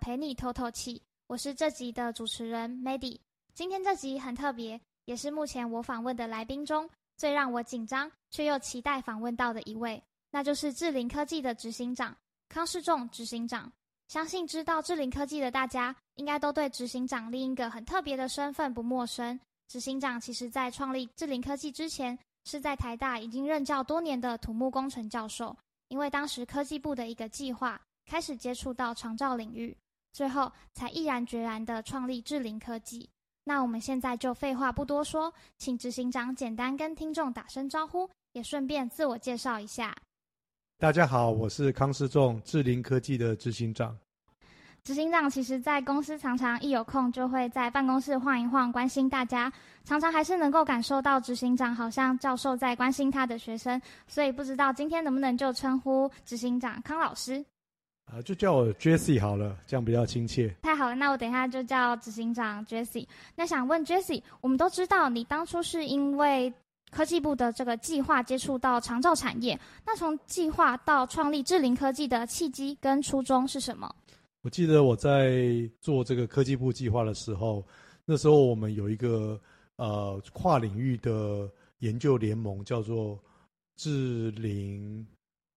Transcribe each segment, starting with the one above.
陪你透透氣，我是這集的主持人 Maddy。今天這集很特別，也是目前我訪問的來賓中最讓我緊張卻又期待訪問到的一位，那就是智齡科技的執行長康仕仲執行長。相信知道智齡科技的大家，應該都對執行長另一個很特別的身份不陌生。執行長其實在創立智齡科技之前，是在台大已經任教多年的土木工程教授，因為當時科技部的一個計劃，開始接觸到長照領域。最後才毅然決然地創立智齡科技。那我們現在就廢話不多說，請執行長簡單跟聽眾打聲招呼，也順便自我介紹一下。大家好，我是康仕仲，智齡科技的執行長。執行長其實在公司常常一有空就會在辦公室晃一晃，關心大家，常常還是能夠感受到執行長好像教授在關心他的學生，所以不知道今天能不能就稱呼執行長康老師？啊，就叫我 Jessie 好了，這樣比較親切。太好了，那我等一下就叫執行長 Jessie。那想問 Jessie，我們都知道你當初是因為科技部的這個計劃接觸到長照產業，那從計劃到創立智齡科技的契機跟初衷是什麼？我記得我在做這個科技部計劃的時候，那時候我們有一個呃跨領域的研究聯盟，叫做智齡。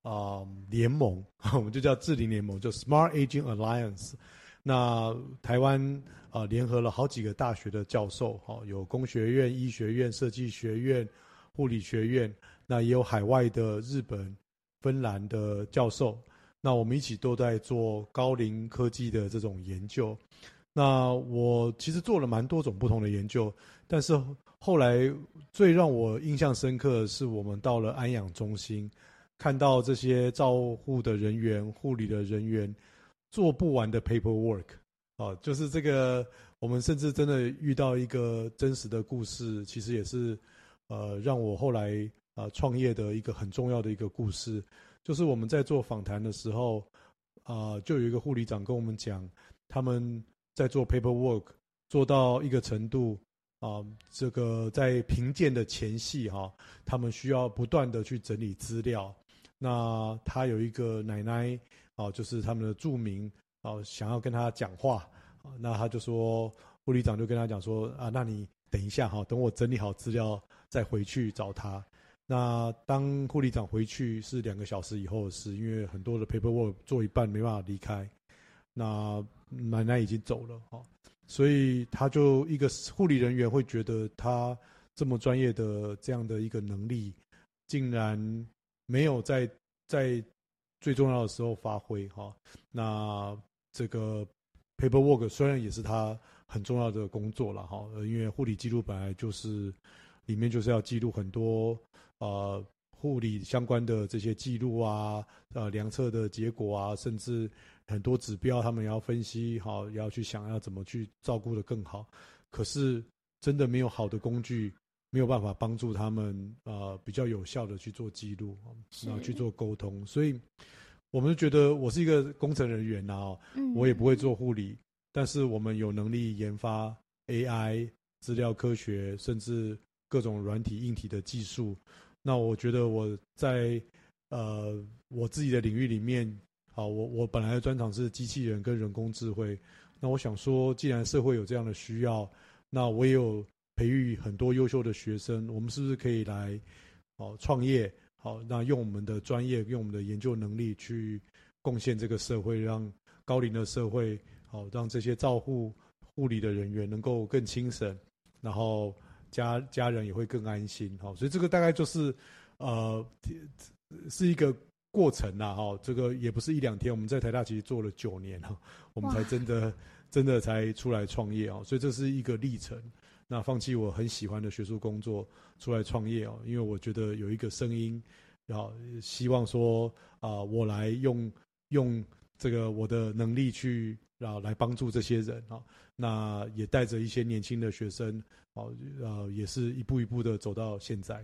啊、嗯，聯盟我們就叫智齡聯盟，就 Smart Aging Alliance。那台灣啊，呃、聯合了好幾個大學的教授，哈，有工學院、醫學院、設計學院、護理學院，那也有海外的日本、芬蘭的教授。那我們一起都在做高齡科技的這種研究。那我其實做了蠻多種不同的研究，但是後來最讓我印象深刻的是，我們到了安養中心。看到這些照護的人員、護理的人員做不完的 paperwork 啊，就是這個。我們甚至真的遇到一個真實的故事，其實也是，呃，讓我後來啊、呃、創業的一個很重要的一個故事。就是我們在做訪談的時候，啊、呃，就有一個護理長跟我們講，他們在做 paperwork 做到一個程度啊，這個在評鑑的前夕哈、啊，他們需要不斷的去整理資料。那他有一個奶奶哦、啊，就是他們的住民哦，想要跟他講話啊。那他就說，護理長就跟他講說啊，那你等一下哈，等我整理好資料再回去找他。那當護理長回去是兩個小時以後，是因為很多的 paperwork 做一半沒辦法離開。那奶奶已經走了哦，所以他就一個護理人員會覺得他這麼專業的這樣的一個能力，竟然。沒有在在最重要的時候發揮哈、哦，那這個 paperwork 雖然也是他很重要的工作了哈，因為護理記錄本來就是裡面就是要記錄很多呃護理相關的這些記錄啊，呃量測的結果啊，甚至很多指標他們要分析哈、哦，要去想要怎麼去照顧得更好，可是真的沒有好的工具。沒有辦法幫助他們，呃，比較有效的去做記錄，是然後去做溝通。所以，我們就覺得我是一個工程人員啊，我也不會做護理，嗯、但是我們有能力研發 AI、資料科學，甚至各種軟體、硬體的技術。那我覺得我在呃我自己的領域裡面，好，我我本來的專長是機器人跟人工智慧。那我想說，既然社會有這樣的需要，那我也有。培育很多優秀的學生，我們是不是可以來，哦創業，好、哦、那用我們的專業，用我們的研究能力去貢獻這個社會，讓高齡的社會，好、哦、讓這些照護護理的人員能夠更輕省，然後家家人也會更安心，好、哦，所以這個大概就是，呃，是一個過程啦，哈、哦，這個也不是一兩天，我們在台大其實做了九年哈，我們才真的哇真的才出來創業啊、哦，所以這是一個歷程。那放棄我很喜歡的學術工作出來創業哦，因為我覺得有一個聲音，要、啊、希望說啊，我來用用這個我的能力去啊來幫助這些人啊，那也帶着一些年輕的學生，啊，呃、啊、也是一步一步的走到現在。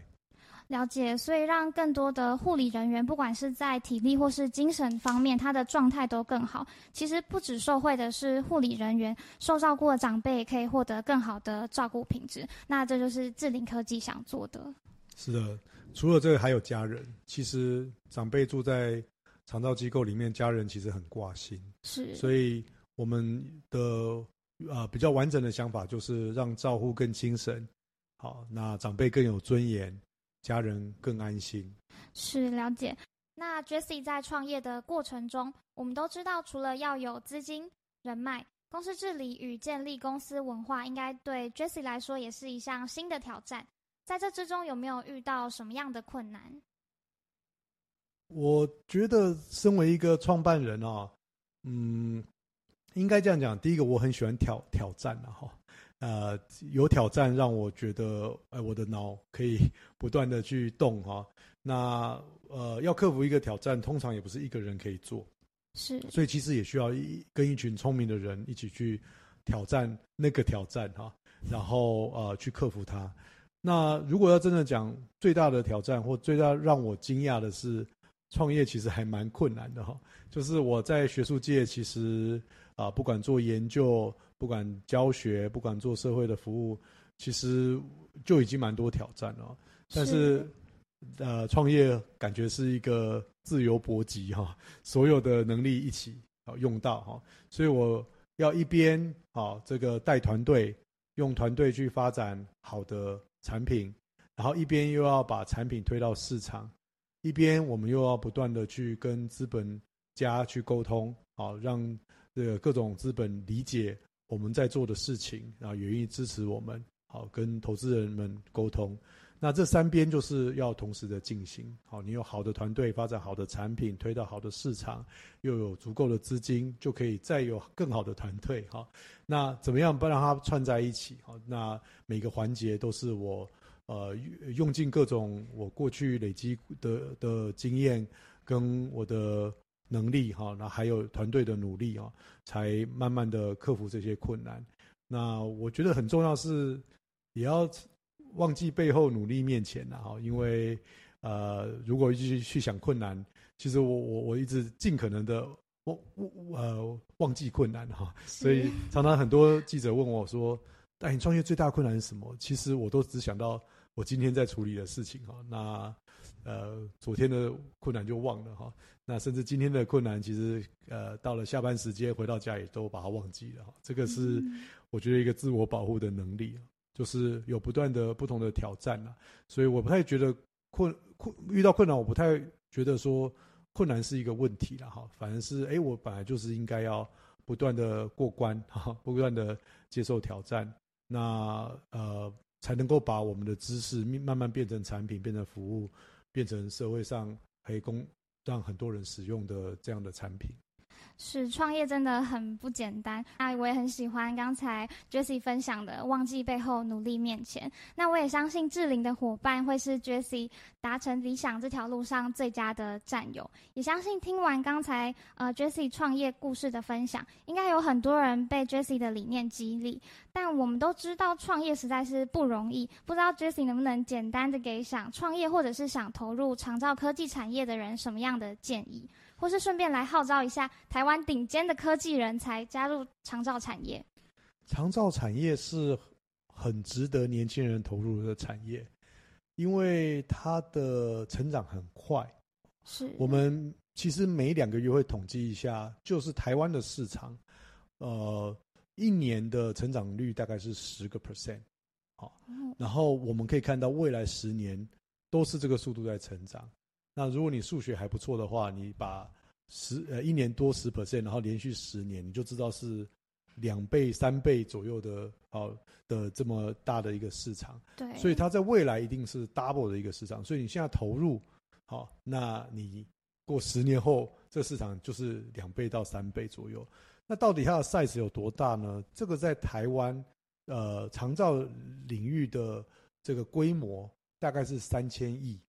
了解，所以讓更多的護理人員，不管是在體力或是精神方面，他的狀態都更好。其實不只受惠的是護理人員，受照顧的長輩也可以獲得更好的照顧品質。那這就是智齡科技想做的。是的，除了這個，還有家人。其實長輩住在長照機構裡面，家人其實很掛心。是，所以我們的呃比較完整的想法就是讓照顧更輕省，好，那長輩更有尊嚴。家人更安心。是，是了解。那 Jesse 在創業的過程中，我們都知道，除了要有資金、人脈、公司治理與建立公司文化，應該對 Jesse 來說也是一項新的挑戰。在這之中，有沒有遇到什麼樣的困難？我覺得，身為一個創辦人啊，嗯，應該這樣講。第一個，我很喜歡挑挑戰的、啊、哈。呃，有挑戰讓我覺得，哎、呃，我的腦可以不斷的去動哈、啊。那呃，要克服一個挑戰，通常也不是一個人可以做，是，所以其實也需要一跟一群聰明的人一起去挑戰那個挑戰哈、啊。然後呃，去克服它。那如果要真的講最大的挑戰，或最大讓我驚訝的是，創業其實還蠻困難的哈。就是我在學術界其實。啊，不管做研究，不管教學，不管做社會的服務，其實就已經蠻多挑戰了。但是，是呃，創業感覺是一個自由搏擊哈、啊，所有的能力一起啊，用到哈、啊。所以我要一邊啊，這個帶團隊，用團隊去發展好的產品，然後一邊又要把產品推到市場，一邊我們又要不斷的去跟資本家去溝通，好、啊、讓。這個各種資本理解我們在做的事情，然後也願意支持我們，好，跟投資人們溝通。那這三邊就是要同時的進行。好，你有好的團隊，發展好的產品，推到好的市場，又有足夠的資金，就可以再有更好的團隊。好，那怎麼樣不讓它串在一起？好，那每個環節都是我呃用盡各種我過去累積的的經驗跟我的。能力哈，那還有團隊的努力啊，才慢慢的克服這些困難。那我覺得很重要是，也要忘記背後努力面前，因為呃，如果一直去想困難，其實我我我一直盡可能的忘忘呃忘記困難哈，所以常常很多記者問我說，那、哎、你創業最大困難是什麼？其實我都只想到我今天在處理的事情哈，那。呃，昨天的困難就忘了哈，那甚至今天的困難，其實呃，到了下班時間回到家也都把它忘記了哈。這個是我覺得一個自我保護的能力，就是有不斷的不同的挑戰了。所以我不太覺得困困遇到困難，我不太覺得說困難是一個問題了哈。反正是哎、欸，我本來就是應該要不斷的過關哈，不斷的接受挑戰，那呃，才能夠把我們的知識慢慢變成產品，變成服務。變成社會上可以供，讓很多人使用的這樣的產品。是，創業真的很不簡單。那我也很喜歡剛才 Jessie 分享的“忘記背後，努力面前”。那我也相信智齡的夥伴會是 Jessie 達成理想這條路上最佳的戰友。也相信聽完剛才呃 Jessie 創業故事的分享，應該有很多人被 Jessie 的理念激勵。但我們都知道創業實在是不容易。不知道 Jessie 能不能簡單的給想創業或者是想投入長照科技產業的人什麼樣的建議？或是順便來號召一下台灣頂尖的科技人才加入長照產業。長照產業是很值得年輕人投入的產業，因為它的成長很快。是。我們其實每兩個月會統計一下，就是台灣的市場，呃，一年的成長率大概是十個 percent，好，然後我們可以看到未來十年都是這個速度在成長。那如果你數學還不錯的話，你把十呃一年多十 percent，然後連續十年，你就知道是兩倍三倍左右的，好、哦，的這麼大的一個市場。對。所以它在未來一定是 double 的一個市場。所以你現在投入好、哦，那你過十年後，這個市場就是兩倍到三倍左右。那到底它的 size 有多大呢？這個在台灣呃，長照領域的這個規模大概是三千億。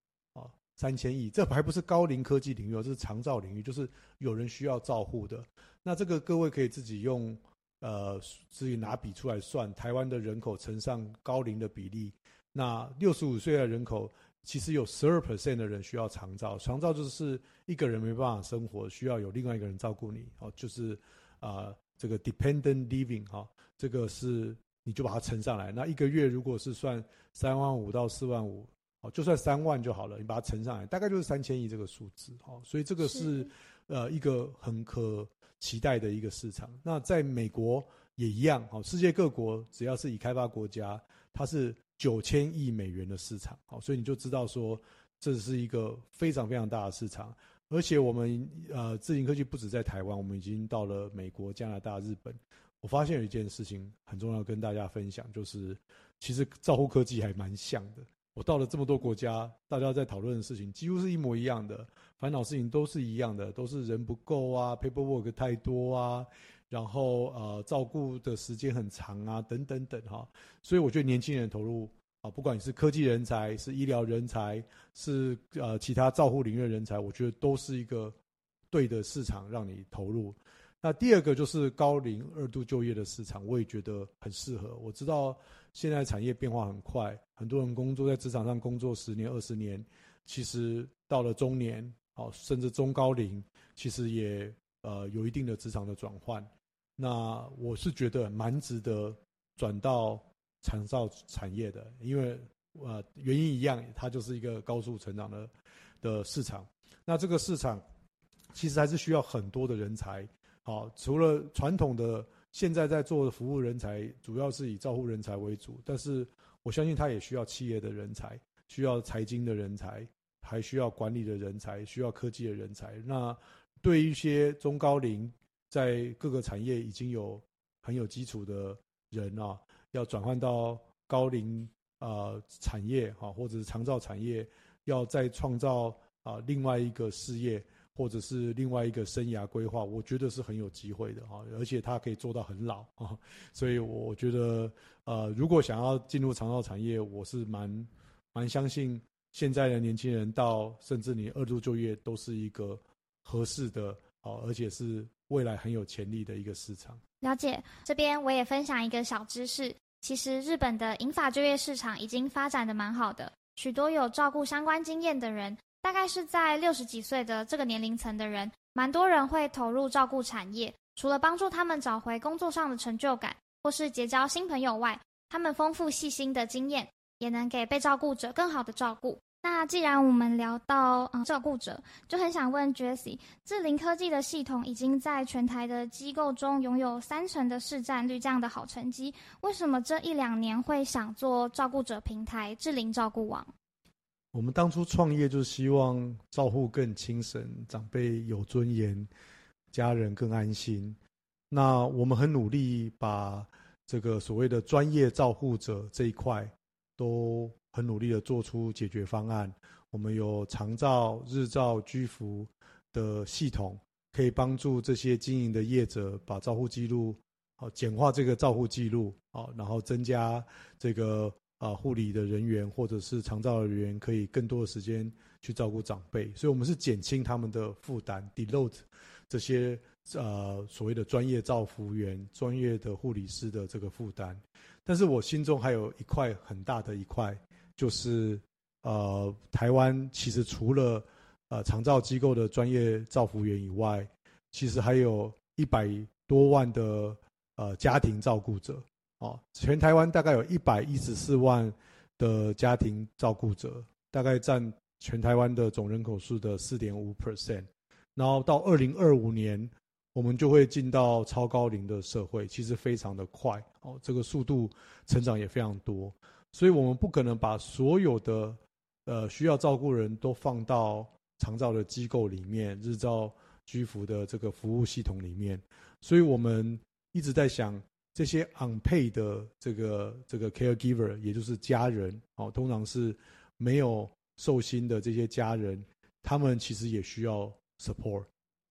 三千億，這還不是高齡科技領域哦，這是長照領域，就是有人需要照護的。那這個各位可以自己用，呃，自己拿筆出來算，台灣的人口乘上高齡的比例，那六十五歲的人口其實有十二 percent 的人需要長照，長照就是一個人沒辦法生活，需要有另外一個人照顧你，哦，就是啊、呃，這個 dependent living 哈、哦，這個是你就把它乘上來，那一個月如果是算三萬五到四萬五。哦，就算三萬就好了，你把它乘上來，大概就是三千億這個數字。哦，所以這個是，呃，一個很可期待的一個市場。那在美國也一樣，好，世界各國只要是已開發國家，它是九千億美元的市場。好，所以你就知道說這是一個非常非常大的市場。而且我們呃，智齡科技不止在台灣，我們已經到了美國、加拿大、日本。我發現有一件事情很重要跟大家分享，就是其實照顧科技還蠻像的。我到了這麼多國家，大家在討論的事情幾乎是一模一樣的，煩惱事情都是一樣的，都是人不夠啊，paperwork 太多啊，然後呃照顧的時間很長啊，等等等哈。所以我覺得年輕人投入啊，不管你是科技人才、是醫療人才、是呃其他照護領域的人才，我覺得都是一個對的市場讓你投入。那第二個就是高齡二度就業的市場，我也覺得很適合。我知道。現在產業變化很快，很多人工作在職場上工作十年、二十年，其實到了中年，哦，甚至中高齡，其實也呃有一定的職場的轉換。那我是覺得蠻值得轉到長照產業的，因為呃原因一樣，它就是一個高速成長的的市場。那這個市場其實還是需要很多的人才，好，除了傳統的。現在在做的服務人才，主要是以照護人才為主，但是我相信他也需要企業的人才，需要財經的人才，還需要管理的人才，需要科技的人才。那對於一些中高齡，在各個產業已經有很有基礎的人啊，要轉換到高齡啊、呃、產業啊，或者是長照產業，要再創造啊、呃、另外一個事業。或者是另外一個生涯規劃，我覺得是很有機會的哈，而且他可以做到很老啊，所以我覺得，呃，如果想要進入長照產業，我是蠻蠻相信現在的年輕人到甚至你二度就業都是一個合適的哦，而且是未來很有潛力的一個市場。了解，這邊我也分享一個小知識，其實日本的銀髮就業市場已經發展的蠻好的，許多有照顧相關經驗的人。大概是在六十幾歲的這個年齡層的人，蠻多人會投入照顧產業。除了幫助他們找回工作上的成就感，或是結交新朋友外，他們豐富細心的經驗，也能給被照顧者更好的照顧。那既然我們聊到嗯照顧者，就很想問 Jesse，智齡科技的系統已經在全台的機構中擁有三成的市佔率這樣的好成績，為什麼這一兩年會想做照顧者平台智齡照顧網？我們當初創業就是希望照護更輕省，長輩有尊嚴，家人更安心。那我們很努力把這個所謂的專業照護者這一塊都很努力的做出解決方案。我們有長照、日照、居服的系統，可以幫助這些經營的業者把照護記錄，好簡化這個照護記錄，好然後增加這個。啊，呃、護理的人員或者是長照的人員可以更多的時間去照顧長輩，所以我們是減輕他們的負擔，deload 這些呃所謂的專業照服員、專業的護理師的這個負擔。但是我心中還有一塊很大的一塊，就是呃，台灣其實除了呃長照機構的專業照服員以外，其實還有一百多萬的呃家庭照顧者。哦，全台灣大概有一百一十四萬的家庭照顧者，大概占全台灣的總人口數的四點五 percent。然後到二零二五年，我們就會進到超高齡的社會，其實非常的快哦，這個速度成長也非常多，所以我們不可能把所有的呃需要照顧的人都放到長照的機構裡面、日照居服的這個服務系統裡面，所以我們一直在想。這些 unpaid 的這個這個 caregiver，也就是家人，哦，通常是沒有受薪的這些家人，他們其實也需要 support，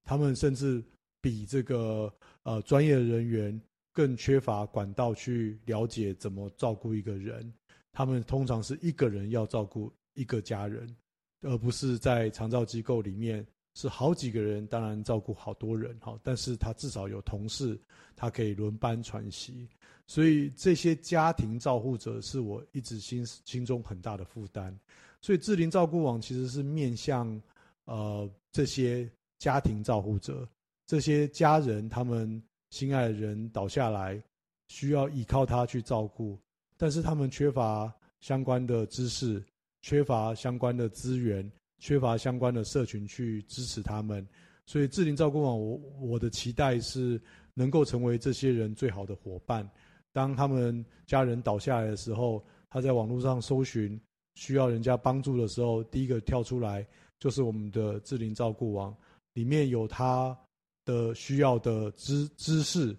他們甚至比這個呃專業人員更缺乏管道去了解怎麼照顧一個人，他們通常是一個人要照顧一個家人，而不是在長照機構裡面。是好幾個人，當然照顧好多人哈，但是他至少有同事，他可以輪班喘息，所以這些家庭照顧者是我一直心心中，很大的負擔，所以智齡照顧網其實是面向，呃這些家庭照顧者，這些家人他們心愛的人倒下來，需要依靠他去照顧，但是他們缺乏相關的知識，缺乏相關的資源。缺乏相關的社群去支持他們，所以智齡照顧網，我我的期待是能夠成為這些人最好的夥伴。當他們家人倒下來的時候，他在網絡上搜尋需要人家幫助的時候，第一個跳出來就是我們的智齡照顧網，裡面有他的需要的知知識，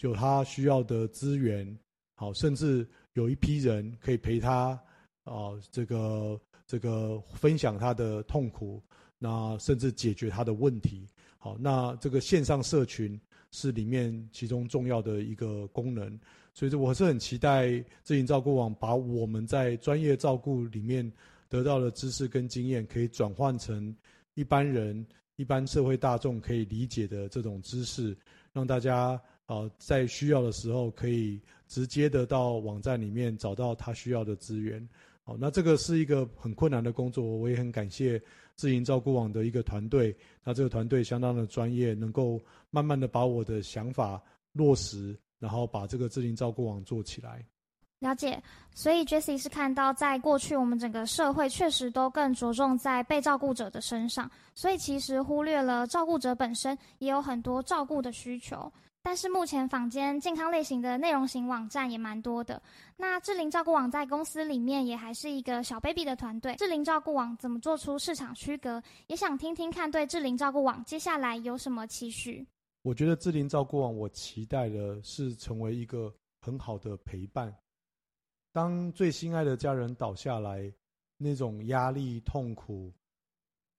有他需要的資源，好，甚至有一批人可以陪他，啊，這個。這個分享他的痛苦，那甚至解決，他的問題。好，那這個線上社群是裡面其中重要的一個功能，所以這我是很期待智齡照顧網把我們在專業照顧裡面得到的知識跟經驗，可以轉換成一般人、一般社會大眾可以理解的這種知識，讓大家啊在需要的時候可以直接的到網站裡面找到他需要的資源。好，那這個是一個很困難的工作，我也很感謝智齡照顧網的一個團隊，那這個團隊相當的專業，能夠慢慢的把我的想法落實，然後把這個智齡照顧網做起來。了解，所以 Jesse 是看到在過去我們整個社會確實都更着重在被照顧者的身上，所以其實忽略了照顧者本身也有很多照顧的需求。但是目前坊間健康類型的內容型網站也蠻多的。那智齡照顧網在公司裡面也還是一個小 baby 的團隊。智齡照顧網怎麼做出市場區隔？也想聽聽看對智齡照顧網接下來有什麼期許？我覺得智齡照顧網，我期待的是成為一個很好的陪伴。當最心愛的家人倒下來，那種壓力痛苦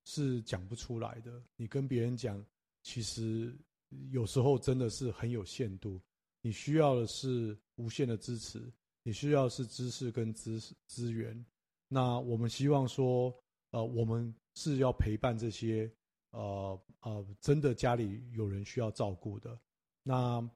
是講不出來的。你跟別人講，其實。有時候真的是很有限度，你需要的是無限的支持，你需要的是知識跟資資源。那我們希望說，呃，我們是要陪伴這些，呃呃，真的家裡有人需要照顧的。那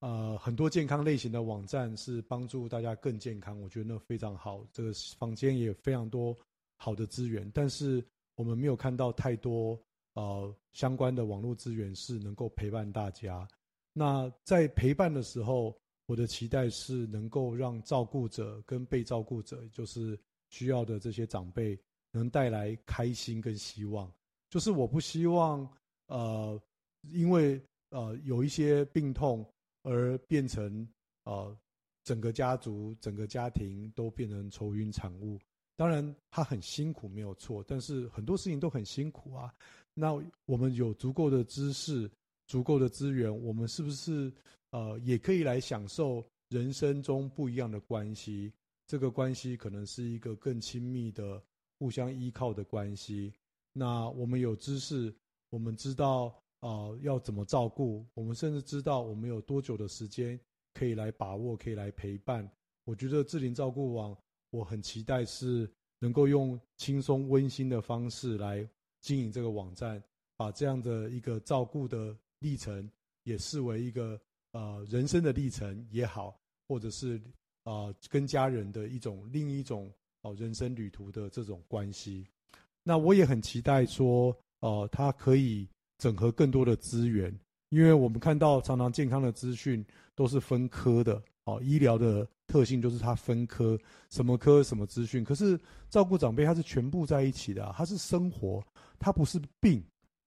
呃，很多健康類型的網站是幫助大家更健康，我覺得那非常好。這個坊間也非常多好的資源，但是我們沒有看到太多。呃，相關的網絡資源是能夠陪伴大家。那在陪伴的時候，我的期待是能夠讓照顧者跟被照顧者，就是需要的這些長輩，能帶來開心跟希望。就是我不希望呃，因為呃有一些病痛而變成呃整個家族、整個家庭都變成愁雲慘霧。當然，他很辛苦沒有錯，但是很多事情都很辛苦啊。那我們有足夠的知識、足夠的資源，我們是不是呃也可以來享受人生中不一樣的關係？這個關係可能是一個更親密的、互相依靠的關係。那我們有知識，我們知道啊、呃、要怎麼照顧，我們甚至知道我們有多久的時間可以來把握、可以來陪伴。我覺得智齡照顧網，我很期待是能夠用輕鬆、溫馨的方式來。經營這個網站，把這樣的一個照顧的歷程也視為一個呃人生的歷程也好，或者是呃跟家人的一種另一種哦、呃、人生旅途的這種關係。那我也很期待說，呃，它可以整合更多的資源，因為我們看到常常健康的資訊都是分科的，哦、呃，醫療的。特性就是它分科，什麼科什麼資訊。可是照顧長輩，它是全部在一起的、啊，它是生活，它不是病，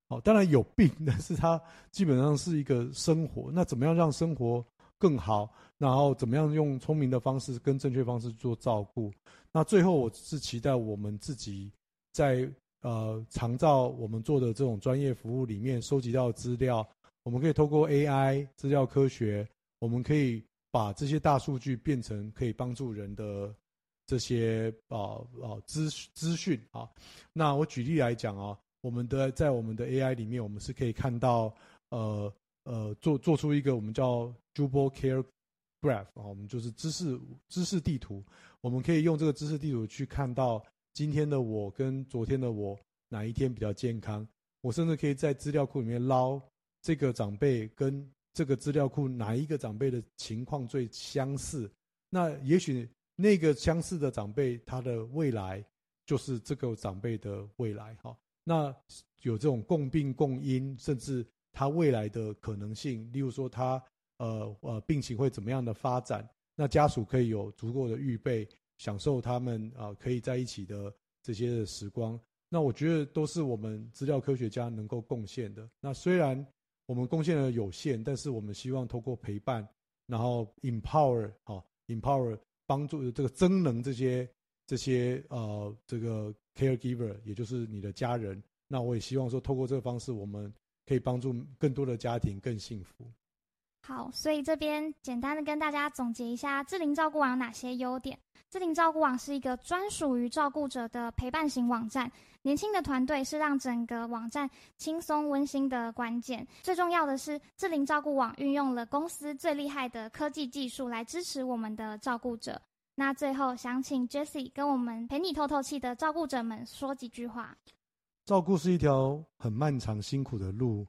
哦，當然有病，但是它基本上是一個生活。那怎麼樣讓生活更好？然後怎麼樣用聰明的方式跟正確方式做照顧？那最後，我是期待我們自己在呃長照我們做的這種專業服務裡面收集到資料，我們可以透過 AI 資料科學，我們可以。把這些大數據變成可以幫助人的這些啊啊資資訊啊，那我舉例來講啊，我們的在我們的 AI 裡面，我們是可以看到呃呃做做出一個我們叫 Jubo Care Graph 啊，我們就是知識知識地圖，我們可以用這個知識地圖去看到今天的我跟昨天的我哪一天比較健康，我甚至可以在資料庫裡面撈這個長輩跟。這個資料庫哪一個長輩的情況最相似？那也許那個相似的長輩，他的未來就是這個長輩的未來，哈。那有這種共病共因，甚至他未來的可能性，例如說他呃呃病情會怎麼樣的發展，那家屬可以有足夠的預備，享受他們啊可以在一起的這些的時光。那我覺得都是我們資料科學家能夠貢獻的。那雖然。我們貢獻的有限，但是我們希望通過陪伴，然後 empower 哈、oh, empower 幫助這個增能這些這些呃這個 caregiver，也就是你的家人。那我也希望說，透過這個方式，我們可以幫助更多的家庭更幸福。好，所以這邊簡單的跟大家總結一下，智齡照顧網有哪些優點？智齡照顧網是一個專屬於照顧者的陪伴型網站，年輕的團隊是讓整個網站輕鬆溫馨的關鍵。最重要的是，智齡照顧網運用了公司最厲害的科技技術來支持我們的照顧者。那最後想請 Jessie 跟我們陪你透透氣的照顧者們說幾句話。照顧是一條很漫長辛苦的路，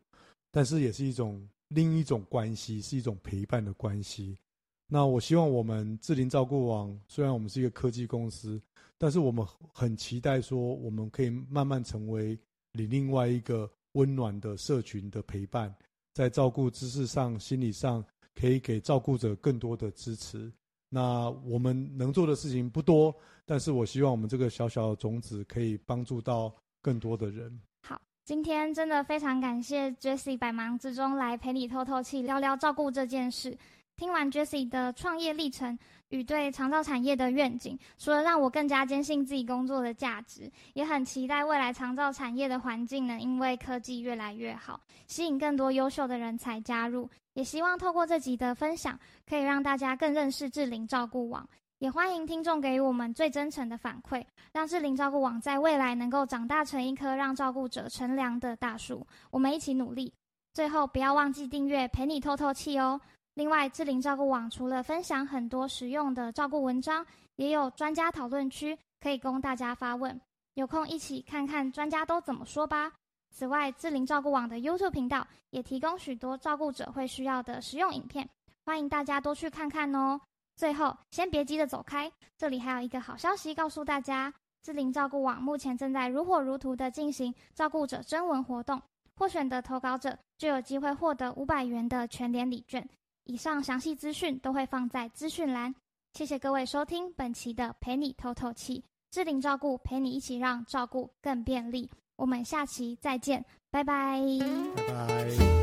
但是也是一種。另一種關係是一種陪伴的關係。那我希望我們智齡照顧網，雖然我們是一個科技公司，但是我們很期待說，我們可以慢慢成為你另外一個溫暖的社群的陪伴，在照顧知識上、心理上，可以給照顧者更多的支持。那我們能做的事情不多，但是我希望我們這個小小的種子可以幫助到更多的人。今天真的非常感謝 Jesse 百忙之中來陪你透透氣、聊聊照顧這件事。聽完 Jesse 的創業歷程與對長照產業的願景，除了讓我更加堅信自己工作的價值，也很期待未來長照產業的環境能因為科技越來越好，吸引更多優秀的人才加入。也希望透過這集的分享，可以讓大家更認識智齡照顧網。也歡迎聽眾給予我們最真誠的反饋，讓智齡照顧網在未來能夠長大成一棵讓照顧者乘涼的大樹。我們一起努力。最後，不要忘記訂閱，陪你透透氣哦。另外，智齡照顧網除了分享很多實用的照顧文章，也有專家討論區可以供大家發問，有空一起看看專家都怎麼說吧。此外，智齡照顧網的 YouTube 頻道也提供許多照顧者會需要的實用影片，歡迎大家多去看看哦。最後，先別急着走開，這裡還有一個好消息告訴大家：智齡照顧網目前正在如火如荼地進行照顧者徵文活動，獲選的投稿者就有機會獲得五百元的全聯禮券。以上詳細資訊都會放在資訊欄。謝謝各位收聽本期的《陪你透透氣》，智齡照顧陪你一起讓照顧更便利。我們下期再見，拜拜。拜拜。